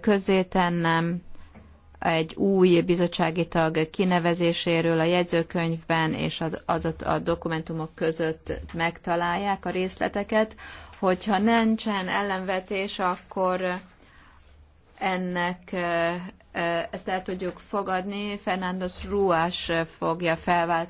közzétennem egy új bizottsági tag kinevezéséről a jegyzőkönyvben és a, a, a dokumentumok között megtalálják a részleteket. Hogyha nincsen ellenvetés, akkor ennek ezt el tudjuk fogadni. Fernándos Ruás fogja felváltani.